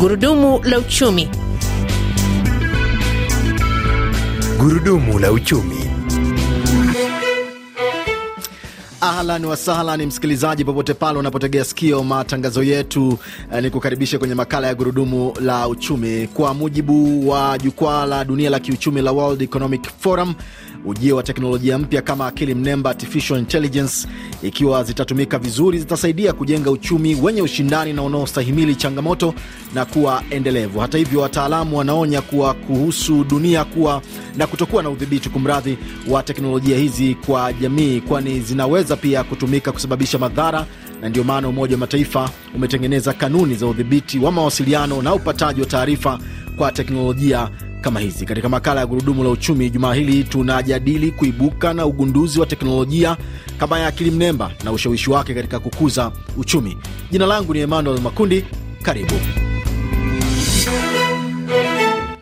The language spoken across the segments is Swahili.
Gurudumu la uchumi. Gurudumu la uchumi. Ahlan wasahlan, msikilizaji popote pale unapotegea sikio matangazo yetu eh, ni kukaribisha kwenye makala ya gurudumu la uchumi. Kwa mujibu wa jukwaa la dunia la kiuchumi la World Economic Forum, ujio wa teknolojia mpya kama akili mnemba artificial intelligence, ikiwa zitatumika vizuri, zitasaidia kujenga uchumi wenye ushindani na unaostahimili changamoto na kuwa endelevu. Hata hivyo, wataalamu wanaonya kuwa kuhusu dunia kuwa na kutokuwa na udhibiti kumradhi wa teknolojia hizi kwa jamii, kwani zinaweza pia kutumika kusababisha madhara na ndio maana Umoja wa Mataifa umetengeneza kanuni za udhibiti wa mawasiliano na upataji wa taarifa kwa teknolojia kama hizi. Katika makala ya Gurudumu la Uchumi jumaa hili, tunajadili kuibuka na ugunduzi wa teknolojia kama ya akili mnemba na ushawishi wake katika kukuza uchumi. Jina langu ni Emmanuel Makundi, karibu.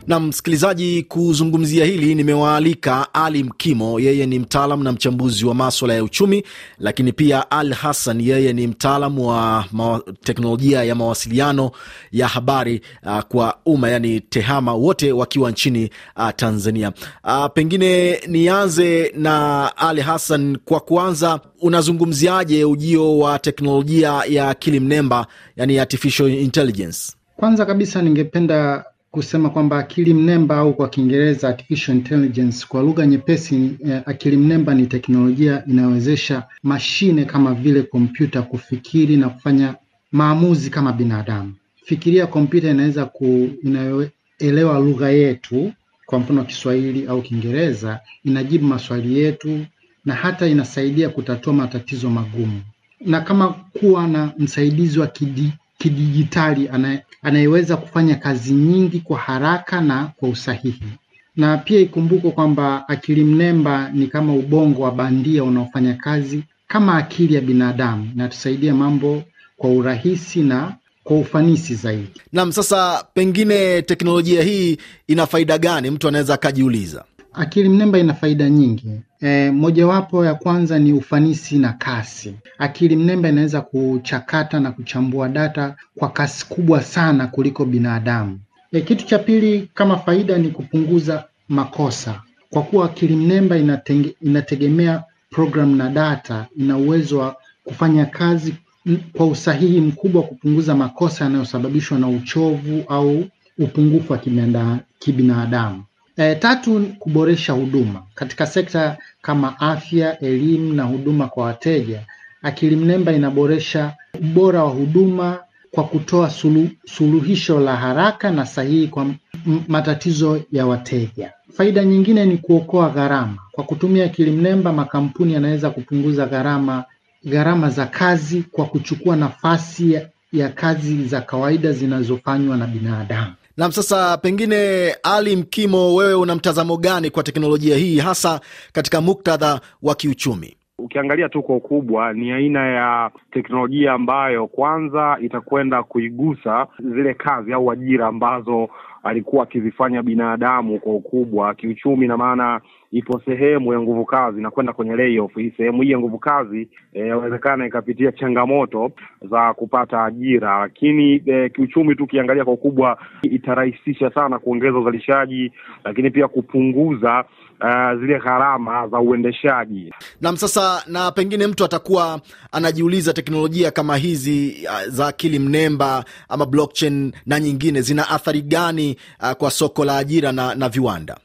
Na msikilizaji, kuzungumzia hili nimewaalika Ali Mkimo, yeye ni mtaalam na mchambuzi wa maswala ya uchumi, lakini pia Al Hassan, yeye ni mtaalam wa teknolojia ya mawasiliano ya habari uh, kwa umma, yani TEHAMA, wote wakiwa nchini uh, Tanzania. Uh, pengine nianze na Ali Hassan, kwa kuanza, unazungumziaje ujio wa teknolojia ya akili mnemba, yani artificial intelligence? Kwanza kabisa ningependa kusema kwamba akili mnemba au kwa Kiingereza artificial intelligence, kwa lugha nyepesi eh, akili mnemba ni teknolojia inayowezesha mashine kama vile kompyuta kufikiri na kufanya maamuzi kama binadamu. Fikiria kompyuta inaweza ku inayoelewa lugha yetu, kwa mfano Kiswahili au Kiingereza, inajibu maswali yetu na hata inasaidia kutatua matatizo magumu. Na kama kuwa na msaidizi wa kidi, kidijitali anayeweza kufanya kazi nyingi kwa haraka na kwa usahihi. Na pia ikumbukwe kwamba akili mnemba ni kama ubongo wa bandia unaofanya kazi kama akili ya binadamu, inatusaidia mambo kwa urahisi na kwa ufanisi zaidi. Naam, sasa pengine teknolojia hii ina faida gani? Mtu anaweza akajiuliza. Akili mnemba ina faida nyingi. E, mojawapo ya kwanza ni ufanisi na kasi. Akili mnemba inaweza kuchakata na kuchambua data kwa kasi kubwa sana kuliko binadamu. E, kitu cha pili kama faida ni kupunguza makosa. Kwa kuwa akili mnemba inatenge, inategemea programu na data, ina uwezo wa kufanya kazi kwa usahihi mkubwa, kupunguza makosa yanayosababishwa na uchovu au upungufu wa kibinadamu. E, tatu, kuboresha huduma katika sekta kama afya, elimu na huduma kwa wateja. Akili mnemba inaboresha ubora wa huduma kwa kutoa sulu, suluhisho la haraka na sahihi kwa matatizo ya wateja. Faida nyingine ni kuokoa gharama. Kwa kutumia akili mnemba, makampuni yanaweza kupunguza gharama gharama za kazi kwa kuchukua nafasi ya, ya kazi za kawaida zinazofanywa na binadamu. Nam, sasa pengine Ali Mkimo, wewe una mtazamo gani kwa teknolojia hii hasa katika muktadha wa kiuchumi? Ukiangalia tu kwa ukubwa, ni aina ya teknolojia ambayo kwanza itakwenda kuigusa zile kazi au ajira ambazo alikuwa akizifanya binadamu kwa ukubwa kiuchumi, na maana ipo sehemu ya nguvu kazi na kwenda kwenye layoff. Hii sehemu hii ya nguvu kazi inawezekana eh, e, ikapitia changamoto za kupata ajira, lakini e, kiuchumi tu ukiangalia kwa ukubwa itarahisisha sana kuongeza uzalishaji, lakini pia kupunguza uh, zile gharama za uendeshaji. Naam, sasa na pengine mtu atakuwa anajiuliza teknolojia kama hizi uh, za akili mnemba ama blockchain na nyingine zina athari gani uh, kwa soko la ajira na, na viwanda?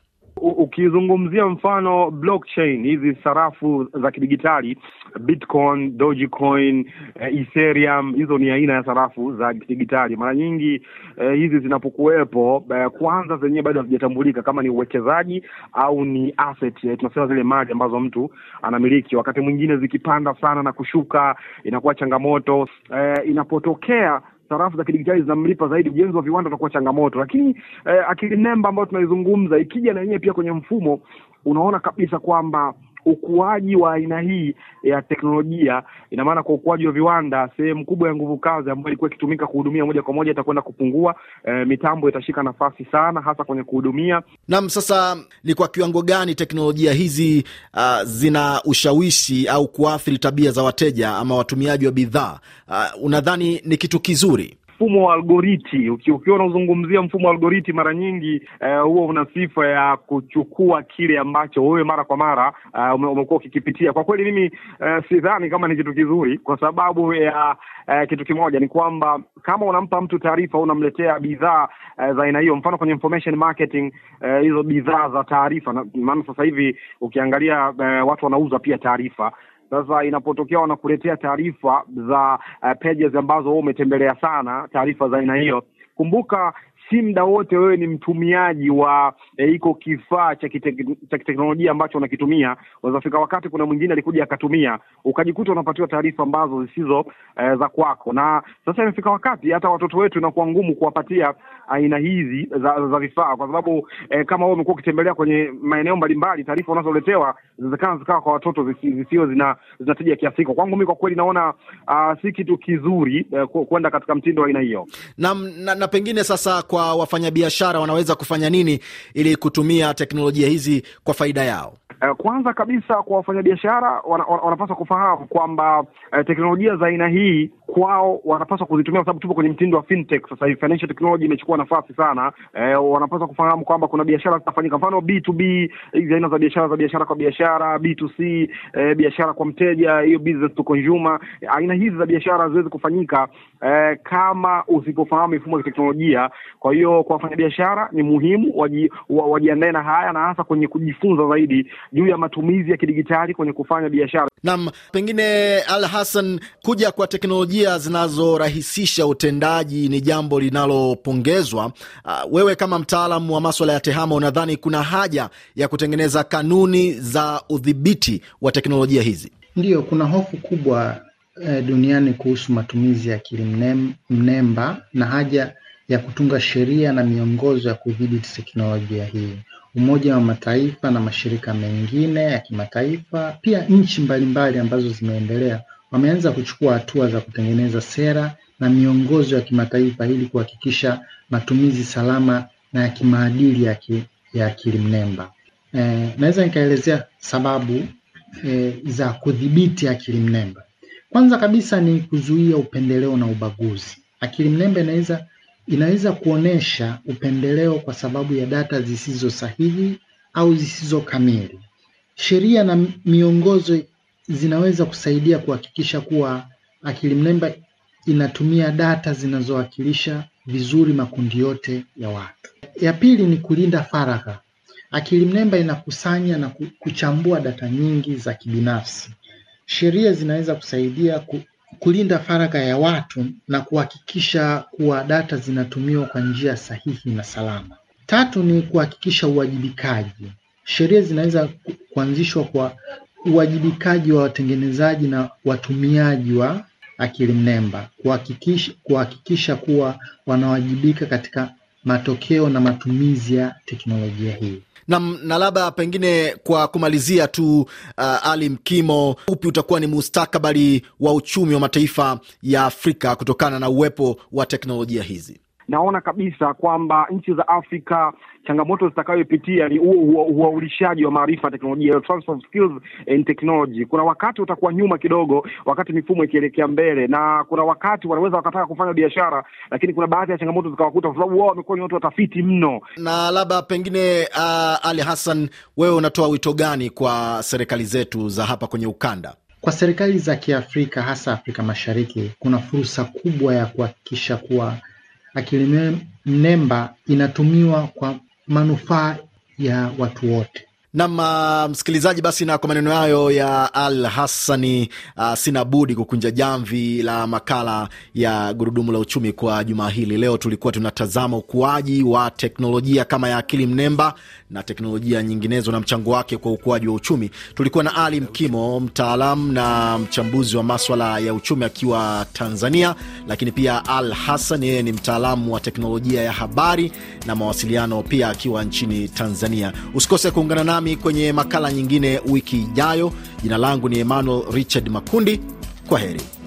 ukizungumzia mfano blockchain, hizi sarafu za kidigitali Bitcoin, Dogecoin, eh, Ethereum, hizo ni aina ya sarafu za kidigitali. Mara nyingi eh, hizi zinapokuwepo eh, kwanza zenyewe bado hazijatambulika kama ni uwekezaji au ni asset eh, tunasema zile mali ambazo mtu anamiliki. Wakati mwingine zikipanda sana na kushuka inakuwa changamoto eh, inapotokea sarafu za kidijitali zinamlipa zaidi, ujenzi wa viwanda utakuwa changamoto. Lakini eh, akili nemba ambayo tunaizungumza ikija na yenyewe pia kwenye mfumo, unaona kabisa kwamba ukuaji wa aina hii ya teknolojia, ina maana kwa ukuaji wa viwanda, sehemu kubwa ya nguvu kazi ambayo ilikuwa ikitumika kuhudumia moja kwa moja itakwenda kupungua. E, mitambo itashika nafasi sana, hasa kwenye kuhudumia. Naam, sasa ni kwa kiwango gani teknolojia hizi uh, zina ushawishi au kuathiri tabia za wateja ama watumiaji wa bidhaa? Uh, unadhani ni kitu kizuri? mfumo wa algoriti. Ukiwa unazungumzia mfumo wa algoriti, mara nyingi uh, eh, huo una sifa ya kuchukua kile ambacho wewe mara kwa mara uh, umekuwa ukikipitia. Kwa kweli mimi uh, sidhani kama ni kitu kizuri, kwa sababu ya uh, kitu kimoja ni kwamba kama unampa mtu taarifa, unamletea bidhaa uh, za aina hiyo, mfano kwenye information marketing hizo uh, bidhaa za taarifa, maana sasa hivi ukiangalia uh, watu wanauza pia taarifa sasa inapotokea wanakuletea taarifa za uh, pages ambazo wewe umetembelea sana, taarifa za aina hiyo, kumbuka si mda wote wewe ni mtumiaji wa e, eh, iko kifaa cha kiteknolojia ambacho unakitumia. unazofika wakati kuna mwingine alikuja akatumia, ukajikuta unapatiwa taarifa ambazo zisizo e, za kwako. Na sasa imefika wakati hata watoto wetu inakuwa ngumu kuwapatia aina hizi za, za vifaa kwa sababu e, kama wewe umekuwa ukitembelea kwenye maeneo mbalimbali, taarifa unazoletewa zinawezekana zikawa kwa watoto zisio zina zinatija kiasi hiko. Kwangu mimi kwa kweli naona uh, si kitu kizuri uh, kwenda katika mtindo wa aina hiyo na, na, na pengine sasa kwa wafanyabiashara wanaweza kufanya nini ili kutumia teknolojia hizi kwa faida yao? Eh, kwanza kabisa kwa wafanyabiashara wanapaswa wana, wana kufahamu kwamba eh, teknolojia za aina hii kwao wanapaswa kuzitumia, kwa sababu tupo kwenye mtindo wa fintech sasa hivi. Financial technology imechukua nafasi sana e, wanapaswa kufahamu kwamba kuna biashara zitafanyika, mfano B2B, hizi aina za biashara za biashara kwa biashara, B2C, e, eh, biashara kwa mteja, hiyo business to consumer. e, Aina hizi za biashara haziwezi kufanyika e, kama usipofahamu mifumo ya teknolojia. Kwa hiyo kwa wafanyabiashara ni muhimu waji, wajiandae na haya na hasa kwenye kujifunza zaidi juu ya matumizi ya kidigitali kwenye kufanya biashara. Naam, pengine Al Hassan, kuja kwa teknolojia sheria zinazorahisisha utendaji ni jambo linalopongezwa. Uh, wewe kama mtaalamu wa maswala ya tehama, unadhani kuna haja ya kutengeneza kanuni za udhibiti wa teknolojia hizi? Ndiyo, kuna hofu kubwa eh, duniani kuhusu matumizi ya akili mnemba na haja ya kutunga sheria na miongozo ya kudhibiti teknolojia hii. Umoja wa Mataifa na mashirika mengine ya kimataifa, pia nchi mbalimbali ambazo zimeendelea wameanza kuchukua hatua za kutengeneza sera na miongozo ya kimataifa ili kuhakikisha matumizi salama na ya kimaadili ya, ki, ya akili mnemba. E, naweza nikaelezea sababu e, za kudhibiti akili mnemba. Kwanza kabisa ni kuzuia upendeleo na ubaguzi. Akili mnemba inaweza inaweza kuonesha upendeleo kwa sababu ya data zisizo sahihi au zisizo kamili. Sheria na miongozo zinaweza kusaidia kuhakikisha kuwa akili mnemba inatumia data zinazowakilisha vizuri makundi yote ya watu. Ya pili ni kulinda faragha. Akili mnemba inakusanya na kuchambua data nyingi za kibinafsi. Sheria zinaweza kusaidia ku, kulinda faragha ya watu na kuhakikisha kuwa data zinatumiwa kwa njia sahihi na salama. Tatu ni kuhakikisha uwajibikaji. Sheria zinaweza kuanzishwa kwa uwajibikaji wa watengenezaji na watumiaji wa akili mnemba kuhakikisha kuwa wanawajibika katika matokeo na matumizi ya teknolojia hii na, na labda pengine kwa kumalizia tu uh, Ali Mkimo, upi utakuwa ni mustakabali wa uchumi wa mataifa ya Afrika kutokana na uwepo wa teknolojia hizi? naona kabisa kwamba nchi za Afrika changamoto zitakayopitia ni huo uaulishaji wa maarifa ya teknolojia, transfer of skills and technology. Kuna wakati utakuwa nyuma kidogo, wakati mifumo ikielekea mbele, na kuna wakati wanaweza wakataka kufanya biashara, lakini kuna baadhi ya changamoto zikawakuta, kwa sababu wao wamekuwa ni watu watafiti mno. Na labda pengine, uh, Ali Hassan, wewe unatoa wito gani kwa serikali zetu za hapa kwenye ukanda? Kwa serikali za Kiafrika hasa Afrika Mashariki, kuna fursa kubwa ya kuhakikisha kuwa akili mnemba inatumiwa kwa manufaa ya watu wote Nam ah, msikilizaji, basi na kwa maneno hayo ya Al Hassani, uh, sina budi kukunja jamvi la makala ya gurudumu la uchumi kwa jumaa hili. Leo tulikuwa tunatazama ukuaji wa teknolojia kama ya akili mnemba na teknolojia nyinginezo na mchango wake kwa ukuaji wa uchumi. Tulikuwa na Ali Mkimo, mtaalam na mchambuzi wa maswala ya uchumi akiwa Tanzania, lakini pia Al Hassan, yeye ni mtaalamu wa teknolojia ya habari na mawasiliano pia akiwa nchini Tanzania. Usikose kuungana nami nami kwenye makala nyingine wiki ijayo. Jina langu ni Emmanuel Richard Makundi. Kwa heri.